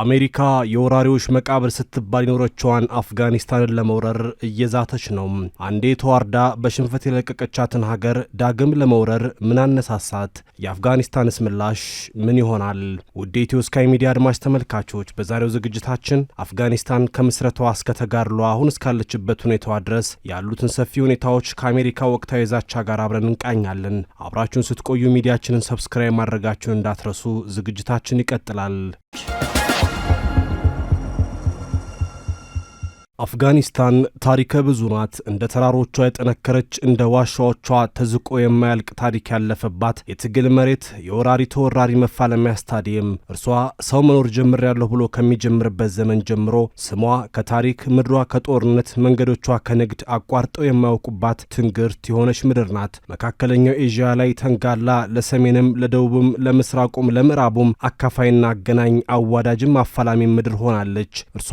አሜሪካ የወራሪዎች መቃብር ስትባል የኖረችዋን አፍጋኒስታንን ለመውረር እየዛተች ነው። አንዴ ተዋርዳ በሽንፈት የለቀቀቻትን ሀገር ዳግም ለመውረር ምን አነሳሳት? የአፍጋኒስታንስ ምላሽ ምን ይሆናል? ውድ ኢትዮ ስካይ ሚዲያ አድማጭ ተመልካቾች፣ በዛሬው ዝግጅታችን አፍጋኒስታን ከምስረቷ እስከ ተጋድሏ አሁን እስካለችበት ሁኔታዋ ድረስ ያሉትን ሰፊ ሁኔታዎች ከአሜሪካ ወቅታዊ ዛቻ ጋር አብረን እንቃኛለን። አብራችሁን ስትቆዩ ሚዲያችንን ሰብስክራይብ ማድረጋችሁን እንዳትረሱ። ዝግጅታችን ይቀጥላል። አፍጋኒስታን ታሪከ ብዙ ናት። እንደ ተራሮቿ የጠነከረች፣ እንደ ዋሻዎቿ ተዝቆ የማያልቅ ታሪክ ያለፈባት የትግል መሬት፣ የወራሪ ተወራሪ መፋለሚያ ስታዲየም። እርሷ ሰው መኖር ጀምሬያለሁ ብሎ ከሚጀምርበት ዘመን ጀምሮ ስሟ ከታሪክ ምድሯ ከጦርነት መንገዶቿ ከንግድ አቋርጠው የማያውቁባት ትንግርት የሆነች ምድር ናት። መካከለኛው ኤዥያ ላይ ተንጋላ ለሰሜንም ለደቡብም ለምስራቁም ለምዕራቡም አካፋይና አገናኝ አዋዳጅም አፋላሚ ምድር ሆናለች። እርሷ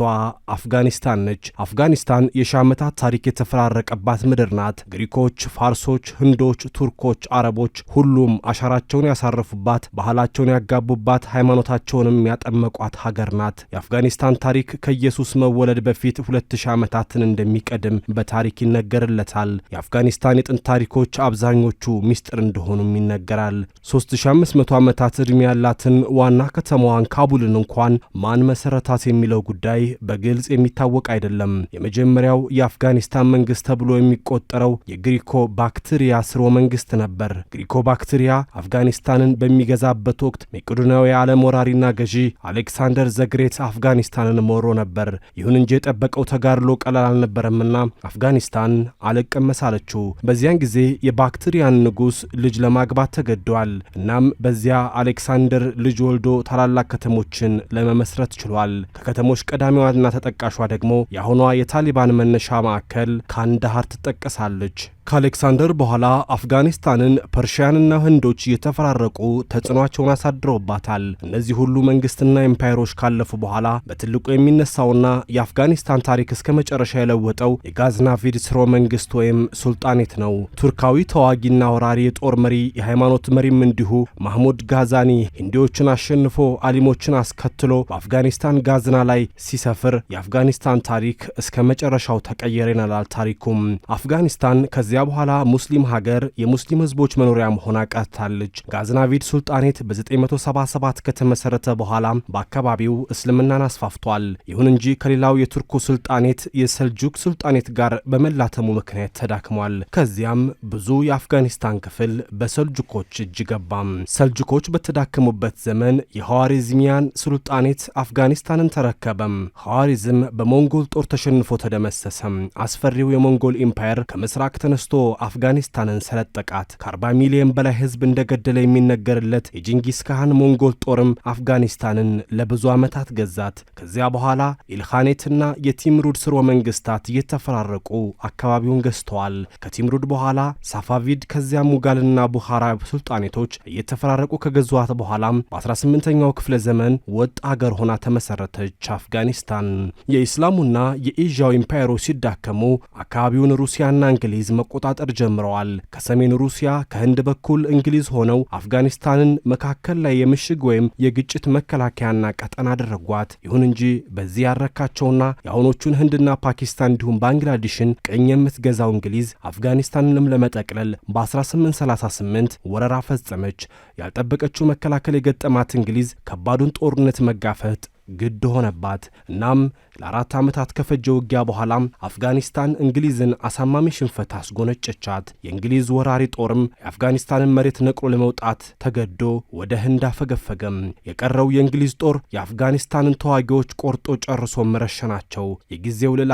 አፍጋኒስታን ነች። አፍጋኒስታን የሺ ዓመታት ታሪክ የተፈራረቀባት ምድር ናት። ግሪኮች፣ ፋርሶች፣ ህንዶች፣ ቱርኮች፣ አረቦች ሁሉም አሻራቸውን ያሳረፉባት፣ ባህላቸውን ያጋቡባት፣ ሃይማኖታቸውንም ያጠመቋት ሀገር ናት። የአፍጋኒስታን ታሪክ ከኢየሱስ መወለድ በፊት ሁለት ሺህ ዓመታትን እንደሚቀድም በታሪክ ይነገርለታል። የአፍጋኒስታን የጥንት ታሪኮች አብዛኞቹ ሚስጥር እንደሆኑም ይነገራል። 3500 ዓመታት ዕድሜ ያላትን ዋና ከተማዋን ካቡልን እንኳን ማን መሰረታት የሚለው ጉዳይ በግልጽ የሚታወቅ አይደለም። አይደለም። የመጀመሪያው የአፍጋኒስታን መንግስት ተብሎ የሚቆጠረው የግሪኮ ባክትሪያ ስርወ መንግስት ነበር። ግሪኮ ባክትሪያ አፍጋኒስታንን በሚገዛበት ወቅት መቄዶንያዊ አለም ወራሪና ገዢ አሌክሳንደር ዘግሬት አፍጋኒስታንን ሞሮ ነበር። ይሁን እንጂ የጠበቀው ተጋድሎ ቀላል አልነበረምና አፍጋኒስታን አለቀመሳለችው። በዚያን ጊዜ የባክትሪያን ንጉሥ ልጅ ለማግባት ተገደዋል። እናም በዚያ አሌክሳንደር ልጅ ወልዶ ታላላቅ ከተሞችን ለመመስረት ችሏል። ከከተሞች ቀዳሚዋና ተጠቃሿ ደግሞ የአሁኑ የአሁኗ የታሊባን መነሻ ማዕከል ካንዳሃር ትጠቀሳለች። ከአሌክሳንደር በኋላ አፍጋኒስታንን ፐርሺያንና ህንዶች እየተፈራረቁ ተጽዕኖቸውን አሳድረውባታል። እነዚህ ሁሉ መንግስትና ኤምፓየሮች ካለፉ በኋላ በትልቁ የሚነሳውና የአፍጋኒስታን ታሪክ እስከ መጨረሻ የለወጠው የጋዝናቪድ ስሮ መንግስት ወይም ሱልጣኔት ነው። ቱርካዊ ተዋጊና ወራሪ የጦር መሪ የሃይማኖት መሪም እንዲሁ ማህሙድ ጋዛኒ ሂንዲዎችን አሸንፎ አሊሞችን አስከትሎ በአፍጋኒስታን ጋዝና ላይ ሲሰፍር የአፍጋኒስታን ታሪክ እስከ መጨረሻው ተቀየረ ይላል ታሪኩም አፍጋኒስታን ከዚያ ከዚያ በኋላ ሙስሊም ሀገር የሙስሊም ህዝቦች መኖሪያ ሆና ቀርታለች። ጋዝናቪድ ሱልጣኔት በ977 ከተመሠረተ በኋላ በአካባቢው እስልምናን አስፋፍቷል። ይሁን እንጂ ከሌላው የቱርኩ ሱልጣኔት የሰልጁክ ሱልጣኔት ጋር በመላተሙ ምክንያት ተዳክሟል። ከዚያም ብዙ የአፍጋኒስታን ክፍል በሰልጁኮች እጅ ገባም። ሰልጁኮች በተዳከሙበት ዘመን የሐዋሪዝሚያን ሱልጣኔት አፍጋኒስታንን ተረከበም። ሐዋሪዝም በሞንጎል ጦር ተሸንፎ ተደመሰሰም። አስፈሪው የሞንጎል ኢምፓየር ከምስራቅ ተነስ ተነስቶ አፍጋኒስታንን ሰለጠቃት። ከ40 ሚሊዮን በላይ ህዝብ እንደገደለ የሚነገርለት የጂንጊስ ካህን ሞንጎል ጦርም አፍጋኒስታንን ለብዙ ዓመታት ገዛት። ከዚያ በኋላ ኢልኻኔትና የቲምሩድ ስርወ መንግስታት እየተፈራረቁ አካባቢውን ገዝተዋል። ከቲምሩድ በኋላ ሳፋቪድ፣ ከዚያ ሙጋልና ቡኻራ ሱልጣኔቶች እየተፈራረቁ ከገዟት በኋላም በ18ኛው ክፍለ ዘመን ወጥ አገር ሆና ተመሰረተች አፍጋኒስታን። የኢስላሙና የኤዥያው ኢምፓየሮች ሲዳከሙ አካባቢውን ሩሲያና እንግሊዝ መቆ መቆጣጠር ጀምረዋል። ከሰሜን ሩሲያ ከህንድ በኩል እንግሊዝ ሆነው አፍጋኒስታንን መካከል ላይ የምሽግ ወይም የግጭት መከላከያና ቀጠና አደረጓት። ይሁን እንጂ በዚህ ያረካቸውና የአሁኖቹን ህንድና ፓኪስታን እንዲሁም ባንግላዴሽን ቅኝ የምትገዛው እንግሊዝ አፍጋኒስታንንም ለመጠቅለል በ1838 ወረራ ፈጸመች። ያልጠበቀችው መከላከል የገጠማት እንግሊዝ ከባዱን ጦርነት መጋፈጥ ግድ ሆነባት። እናም ለአራት ዓመታት ከፈጀ ውጊያ በኋላም አፍጋኒስታን እንግሊዝን አሳማሚ ሽንፈት አስጎነጨቻት። የእንግሊዝ ወራሪ ጦርም የአፍጋኒስታንን መሬት ነቅሎ ለመውጣት ተገዶ ወደ ህንድ አፈገፈገም። የቀረው የእንግሊዝ ጦር የአፍጋኒስታንን ተዋጊዎች ቆርጦ ጨርሶ መረሸናቸው። የጊዜው ልዕለ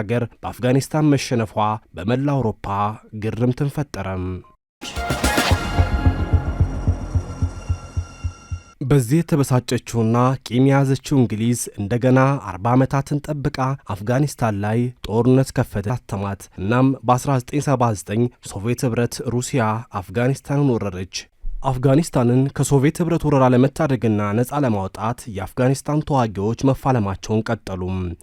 ሀገር በአፍጋኒስታን መሸነፏ በመላ አውሮፓ ግርምትን ፈጠረም። በዚህ የተበሳጨችውና ቂም የያዘችው እንግሊዝ እንደገና አርባ ዓመታትን ጠብቃ አፍጋኒስታን ላይ ጦርነት ከፈተ አተማት። እናም በ1979 ሶቪየት ኅብረት ሩሲያ አፍጋኒስታንን ወረረች። አፍጋኒስታንን ከሶቪየት ኅብረት ወረራ ለመታደግና ነፃ ለማውጣት የአፍጋኒስታን ተዋጊዎች መፋለማቸውን ቀጠሉ።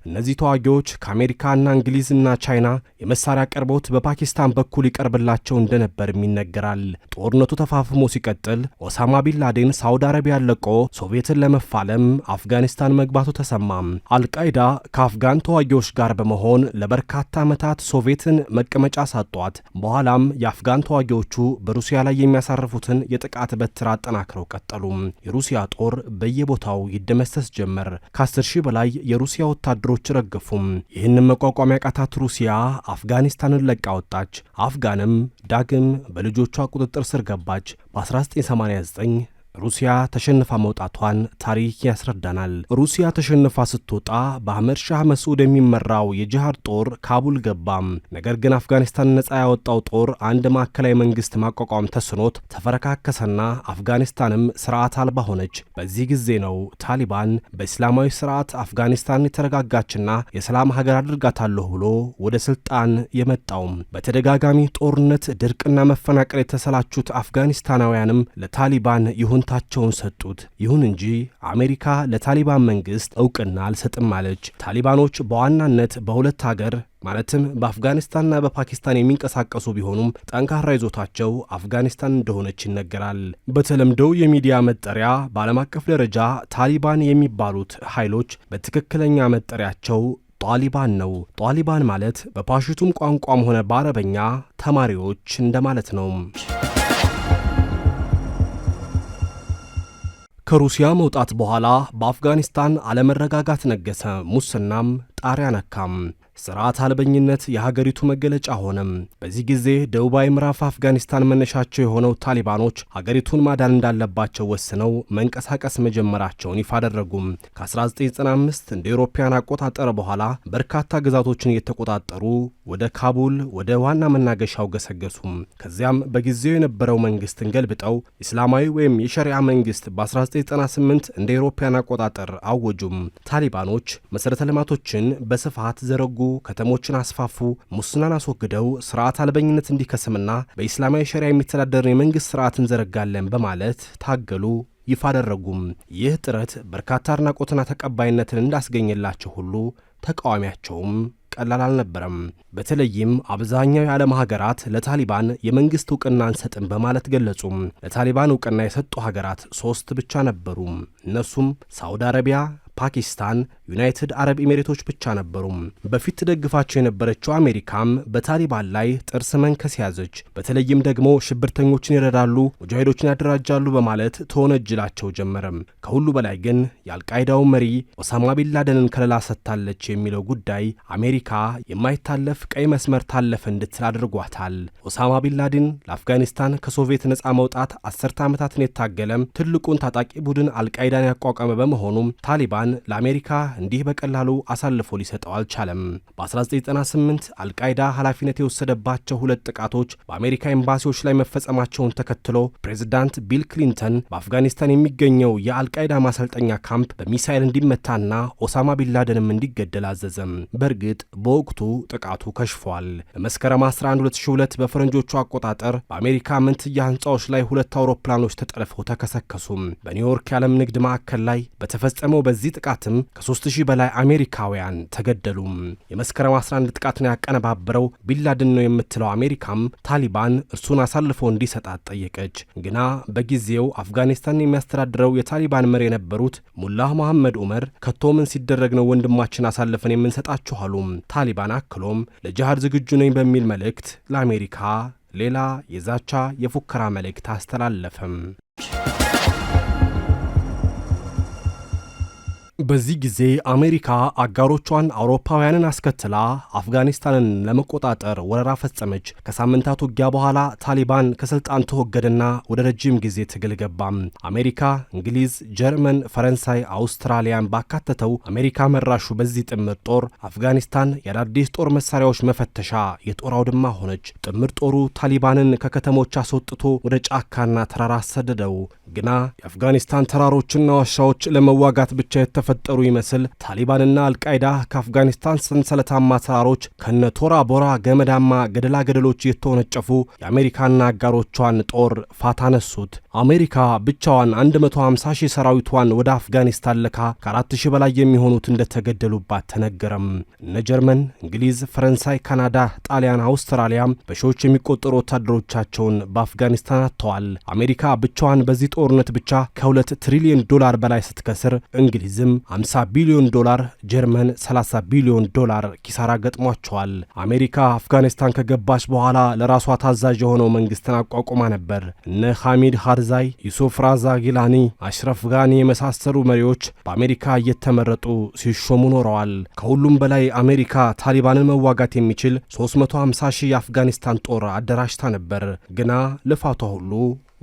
እነዚህ ተዋጊዎች ከአሜሪካና እንግሊዝና ቻይና የመሳሪያ አቅርቦት በፓኪስታን በኩል ይቀርብላቸው እንደነበርም ይነገራል። ጦርነቱ ተፋፍሞ ሲቀጥል ኦሳማ ቢንላዴን ሳውዲ አረቢያን ለቆ ሶቪየትን ለመፋለም አፍጋኒስታን መግባቱ ተሰማ። አልቃይዳ ከአፍጋን ተዋጊዎች ጋር በመሆን ለበርካታ ዓመታት ሶቪየትን መቀመጫ ሳጧት። በኋላም የአፍጋን ተዋጊዎቹ በሩሲያ ላይ የሚያሳርፉትን የጠ የጥቃት በትር አጠናክረው ቀጠሉ። የሩሲያ ጦር በየቦታው ይደመሰስ ጀመር። ከአስር ሺህ በላይ የሩሲያ ወታደሮች ረገፉ። ይህንም መቋቋሚያ ቃታት ሩሲያ አፍጋኒስታንን ለቃ ወጣች። አፍጋንም ዳግም በልጆቿ ቁጥጥር ስር ገባች። በ1989 ሩሲያ ተሸንፋ መውጣቷን ታሪክ ያስረዳናል። ሩሲያ ተሸንፋ ስትወጣ በአህመድ ሻህ መስዑድ የሚመራው የጅሃድ ጦር ካቡል ገባም። ነገር ግን አፍጋኒስታን ነጻ ያወጣው ጦር አንድ ማዕከላዊ መንግስት ማቋቋም ተስኖት ተፈረካከሰና አፍጋኒስታንም ስርዓት አልባ ሆነች። በዚህ ጊዜ ነው ታሊባን በእስላማዊ ስርዓት አፍጋኒስታን የተረጋጋችና የሰላም ሀገር አድርጋታለሁ ብሎ ወደ ስልጣን የመጣውም። በተደጋጋሚ ጦርነት፣ ድርቅና መፈናቀል የተሰላቹት አፍጋኒስታናውያንም ለታሊባን ይሁን ሰላምታቸውን ሰጡት። ይሁን እንጂ አሜሪካ ለታሊባን መንግሥት እውቅና አልሰጥም አለች። ታሊባኖች በዋናነት በሁለት አገር ማለትም በአፍጋኒስታንና በፓኪስታን የሚንቀሳቀሱ ቢሆኑም ጠንካራ ይዞታቸው አፍጋኒስታን እንደሆነች ይነገራል። በተለምዶው የሚዲያ መጠሪያ በዓለም አቀፍ ደረጃ ታሊባን የሚባሉት ኃይሎች በትክክለኛ መጠሪያቸው ጣሊባን ነው። ጣሊባን ማለት በፓሽቱም ቋንቋም ሆነ በአረበኛ ተማሪዎች እንደማለት ነው። ከሩሲያ መውጣት በኋላ በአፍጋኒስታን አለመረጋጋት ነገሰ፣ ሙስናም ጣሪያ ነካም። ስርዓት አልበኝነት የሀገሪቱ መገለጫ ሆነም። በዚህ ጊዜ ደቡባዊ ምዕራፍ አፍጋኒስታን መነሻቸው የሆነው ታሊባኖች ሀገሪቱን ማዳን እንዳለባቸው ወስነው መንቀሳቀስ መጀመራቸውን ይፋ አደረጉም። ከ1995 እንደ ኤሮፓያን አቆጣጠር በኋላ በርካታ ግዛቶችን እየተቆጣጠሩ ወደ ካቡል ወደ ዋና መናገሻው ገሰገሱም። ከዚያም በጊዜው የነበረው መንግስትን ገልብጠው ኢስላማዊ ወይም የሸሪያ መንግስት በ1998 እንደ ኤሮፓያን አቆጣጠር አወጁም። ታሊባኖች መሠረተ ልማቶችን በስፋት ዘረጉ ከተሞችን አስፋፉ፣ ሙስናን አስወግደው ስርዓት አልበኝነት እንዲከስምና በኢስላማዊ ሸሪያ የሚተዳደርን የመንግሥት ስርዓት እንዘረጋለን በማለት ታገሉ፣ ይፋ አደረጉም። ይህ ጥረት በርካታ አድናቆትና ተቀባይነትን እንዳስገኘላቸው ሁሉ ተቃዋሚያቸውም ቀላል አልነበረም። በተለይም አብዛኛው የዓለም ሀገራት ለታሊባን የመንግሥት እውቅና አንሰጥም በማለት ገለጹም። ለታሊባን እውቅና የሰጡ ሀገራት ሦስት ብቻ ነበሩ። እነሱም ሳውዲ አረቢያ፣ ፓኪስታን፣ ዩናይትድ አረብ ኤሚሬቶች ብቻ ነበሩም። በፊት ትደግፋቸው የነበረችው አሜሪካም በታሊባን ላይ ጥርስ መንከስ ያዘች። በተለይም ደግሞ ሽብርተኞችን ይረዳሉ፣ ሙጃሂዶችን ያደራጃሉ በማለት ተወነጅላቸው ጀመረም። ከሁሉ በላይ ግን የአልቃይዳው መሪ ኦሳማ ቢንላደንን ከለላ ሰጥታለች የሚለው ጉዳይ አሜሪካ የማይታለፍ ቀይ መስመር ታለፈ እንድትል አድርጓታል። ኦሳማ ቢንላደን ለአፍጋኒስታን ከሶቪየት ነፃ መውጣት አስርተ ዓመታትን የታገለም ትልቁን ታጣቂ ቡድን አልቃይዳን ያቋቋመ በመሆኑም ታሊባን ለአሜሪካ እንዲህ በቀላሉ አሳልፎ ሊሰጠው አልቻለም። በ1998 አልቃይዳ ኃላፊነት የወሰደባቸው ሁለት ጥቃቶች በአሜሪካ ኤምባሲዎች ላይ መፈጸማቸውን ተከትሎ ፕሬዚዳንት ቢል ክሊንተን በአፍጋኒስታን የሚገኘው የአልቃይዳ ማሰልጠኛ ካምፕ በሚሳይል እንዲመታና ኦሳማ ቢንላደንም እንዲገደል አዘዘም። በእርግጥ በወቅቱ ጥቃቱ ከሽፏል። በመስከረም 11 2002 በፈረንጆቹ አቆጣጠር በአሜሪካ ምንትያ ህንፃዎች ላይ ሁለት አውሮፕላኖች ተጠልፈው ተከሰከሱም። በኒውዮርክ የዓለም ንግድ ማዕከል ላይ በተፈጸመው በዚህ ጥቃትም ከ3 ሺህ በላይ አሜሪካውያን ተገደሉም። የመስከረም 11 ጥቃቱን ያቀነባበረው ቢላድን ነው የምትለው አሜሪካም ታሊባን እርሱን አሳልፎ እንዲሰጣት ጠየቀች። ግና በጊዜው አፍጋኒስታን የሚያስተዳድረው የታሊባን መሪ የነበሩት ሙላህ መሐመድ ዑመር ምን ሲደረግ ነው ወንድማችን አሳልፈን የምንሰጣችሁ አሉ ታሊባን አክሎም ለጅሃድ ዝግጁ ነኝ በሚል መልእክት ለአሜሪካ ሌላ የዛቻ የፉከራ መልእክት አስተላለፈም። በዚህ ጊዜ አሜሪካ አጋሮቿን አውሮፓውያንን አስከትላ አፍጋኒስታንን ለመቆጣጠር ወረራ ፈጸመች። ከሳምንታት ውጊያ በኋላ ታሊባን ከስልጣን ተወገደና ወደ ረጅም ጊዜ ትግል ገባም። አሜሪካ፣ እንግሊዝ፣ ጀርመን፣ ፈረንሳይ፣ አውስትራሊያን ባካተተው አሜሪካ መራሹ በዚህ ጥምር ጦር አፍጋኒስታን የአዳዲስ ጦር መሳሪያዎች መፈተሻ የጦር አውድማ ሆነች። ጥምር ጦሩ ታሊባንን ከከተሞች አስወጥቶ ወደ ጫካና ተራራ አሰደደው። ግና የአፍጋኒስታን ተራሮችና ዋሻዎች ለመዋጋት ብቻ የተፈ የተፈጠሩ ይመስል ታሊባንና አልቃይዳ ከአፍጋኒስታን ሰንሰለታማ ተራሮች ከነ ቶራ ቦራ ገመዳማ ገደላ ገደሎች የተወነጨፉ የአሜሪካና አጋሮቿን ጦር ፋታ ነሱት። አሜሪካ ብቻዋን 150 ሺህ ሰራዊቷን ወደ አፍጋኒስታን ልካ ከአራት ሺህ በላይ የሚሆኑት እንደተገደሉባት ተነገረም። እነ ጀርመን፣ እንግሊዝ፣ ፈረንሳይ፣ ካናዳ፣ ጣሊያን፣ አውስትራሊያም በሺዎች የሚቆጠሩ ወታደሮቻቸውን በአፍጋኒስታን አጥተዋል። አሜሪካ ብቻዋን በዚህ ጦርነት ብቻ ከሁለት ትሪሊዮን ዶላር በላይ ስትከስር እንግሊዝም 50 ቢሊዮን ዶላር፣ ጀርመን 30 ቢሊዮን ዶላር ኪሳራ ገጥሟቸዋል። አሜሪካ አፍጋኒስታን ከገባች በኋላ ለራሷ ታዛዥ የሆነው መንግስትን አቋቁማ ነበር። እነ ሐሚድ ሃርዛይ፣ ዩሱፍ ራዛ ጊላኒ፣ አሽረፍ ጋኒ የመሳሰሉ መሪዎች በአሜሪካ እየተመረጡ ሲሾሙ ኖረዋል። ከሁሉም በላይ አሜሪካ ታሊባንን መዋጋት የሚችል 350 ሺህ የአፍጋኒስታን ጦር አደራጅታ ነበር። ግና ልፋቷ ሁሉ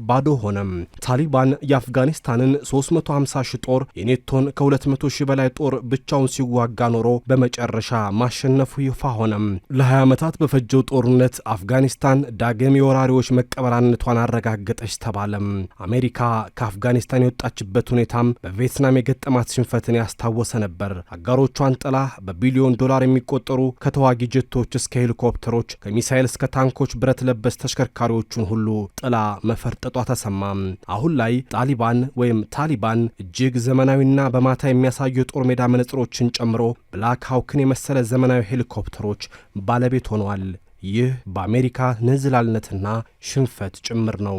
ባዶ ሆነም። ታሊባን የአፍጋኒስታንን 350 ሺህ ጦር የኔቶን ከ200 ሺህ በላይ ጦር ብቻውን ሲዋጋ ኖሮ በመጨረሻ ማሸነፉ ይፋ ሆነም። ለ20 ዓመታት በፈጀው ጦርነት አፍጋኒስታን ዳግም የወራሪዎች መቀበራነቷን አረጋገጠች ተባለም። አሜሪካ ከአፍጋኒስታን የወጣችበት ሁኔታም በቪየትናም የገጠማት ሽንፈትን ያስታወሰ ነበር። አጋሮቿን ጥላ በቢሊዮን ዶላር የሚቆጠሩ ከተዋጊ ጀቶች እስከ ሄሊኮፕተሮች፣ ከሚሳይል እስከ ታንኮች ብረት ለበስ ተሽከርካሪዎቹን ሁሉ ጥላ መፈርጠ መቀጥቀጧ ተሰማ። አሁን ላይ ጣሊባን ወይም ታሊባን እጅግ ዘመናዊና በማታ የሚያሳዩ የጦር ሜዳ መነጽሮችን ጨምሮ ብላክ ሃውክን የመሰለ ዘመናዊ ሄሊኮፕተሮች ባለቤት ሆነዋል። ይህ በአሜሪካ ንዝላልነትና ሽንፈት ጭምር ነው።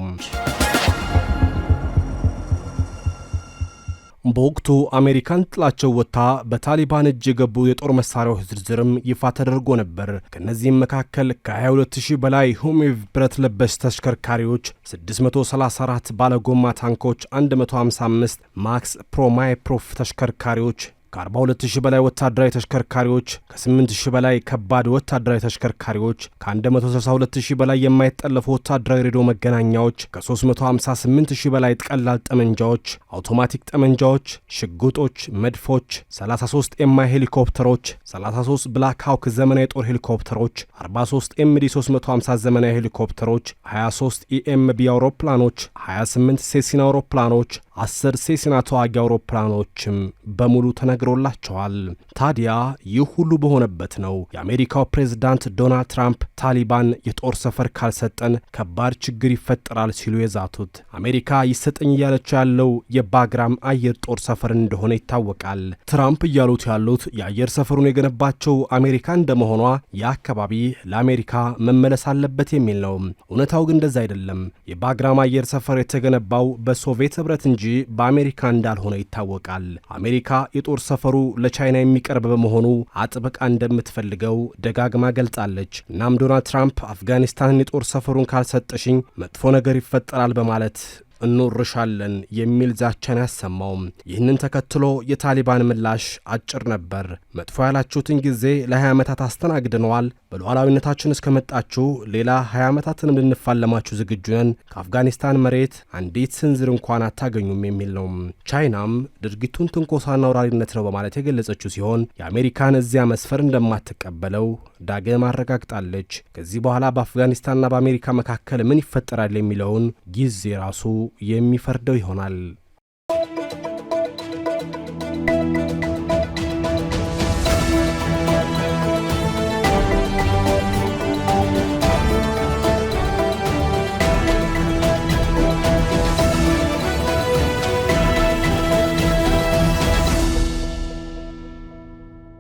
በወቅቱ አሜሪካን ጥላቸው ወጥታ በታሊባን እጅ የገቡ የጦር መሳሪያዎች ዝርዝርም ይፋ ተደርጎ ነበር። ከእነዚህም መካከል ከ22000 በላይ ሁሚቭ ብረት ለበስ ተሽከርካሪዎች፣ 634 ባለጎማ ታንኮች፣ 155 ማክስ ፕሮማይፕሮፍ ተሽከርካሪዎች ከ42000 በላይ ወታደራዊ ተሽከርካሪዎች፣ ከ8000 በላይ ከባድ ወታደራዊ ተሽከርካሪዎች፣ ከ162000 በላይ የማይጠለፉ ወታደራዊ ሬዲዮ መገናኛዎች፣ ከ358000 በላይ ቀላል ጠመንጃዎች፣ አውቶማቲክ ጠመንጃዎች፣ ሽጉጦች፣ መድፎች፣ 33 ኤምአይ ሄሊኮፕተሮች፣ 33 ብላክ ሃውክ ዘመናዊ ጦር ሄሊኮፕተሮች፣ 43 ኤምዲ 350 ዘመናዊ ሄሊኮፕተሮች፣ 23 ኢኤምቢ አውሮፕላኖች፣ 28 ሴሲና አውሮፕላኖች አስር ሴሲናቶ አውጊ አውሮፕላኖችም በሙሉ ተነግሮላቸዋል። ታዲያ ይህ ሁሉ በሆነበት ነው የአሜሪካው ፕሬዝዳንት ዶናልድ ትራምፕ ታሊባን የጦር ሰፈር ካልሰጠን ከባድ ችግር ይፈጠራል ሲሉ የዛቱት። አሜሪካ ይሰጠኝ እያለችው ያለው የባግራም አየር ጦር ሰፈር እንደሆነ ይታወቃል። ትራምፕ እያሉት ያሉት የአየር ሰፈሩን የገነባቸው አሜሪካ እንደመሆኗ ያ አካባቢ ለአሜሪካ መመለስ አለበት የሚል ነው። እውነታው ግን እንደዛ አይደለም። የባግራም አየር ሰፈር የተገነባው በሶቪየት ህብረት እንጂ በአሜሪካ እንዳልሆነ ይታወቃል። አሜሪካ የጦር ሰፈሩ ለቻይና የሚቀርብ በመሆኑ አጥብቃ እንደምትፈልገው ደጋግማ ገልጻለች። እናም ዶናልድ ትራምፕ አፍጋኒስታንን የጦር ሰፈሩን ካልሰጠሽኝ መጥፎ ነገር ይፈጠራል በማለት እንወርሻለን የሚል ዛቻን ያሰማውም። ይህንን ተከትሎ የታሊባን ምላሽ አጭር ነበር። መጥፎ ያላችሁትን ጊዜ ለ20 ዓመታት አስተናግድነዋል። በሉዓላዊነታችን እስከመጣችሁ ሌላ 20 ዓመታትን ልንፋለማችሁ ዝግጁ ነን። ከአፍጋኒስታን መሬት አንዲት ስንዝር እንኳን አታገኙም የሚል ነው። ቻይናም ድርጊቱን ትንኮሳና አውራሪነት ነው በማለት የገለጸችው ሲሆን የአሜሪካን እዚያ መስፈር እንደማትቀበለው ዳግም አረጋግጣለች። ከዚህ በኋላ በአፍጋኒስታንና በአሜሪካ መካከል ምን ይፈጠራል የሚለውን ጊዜ ራሱ የሚፈርደው ይሆናል።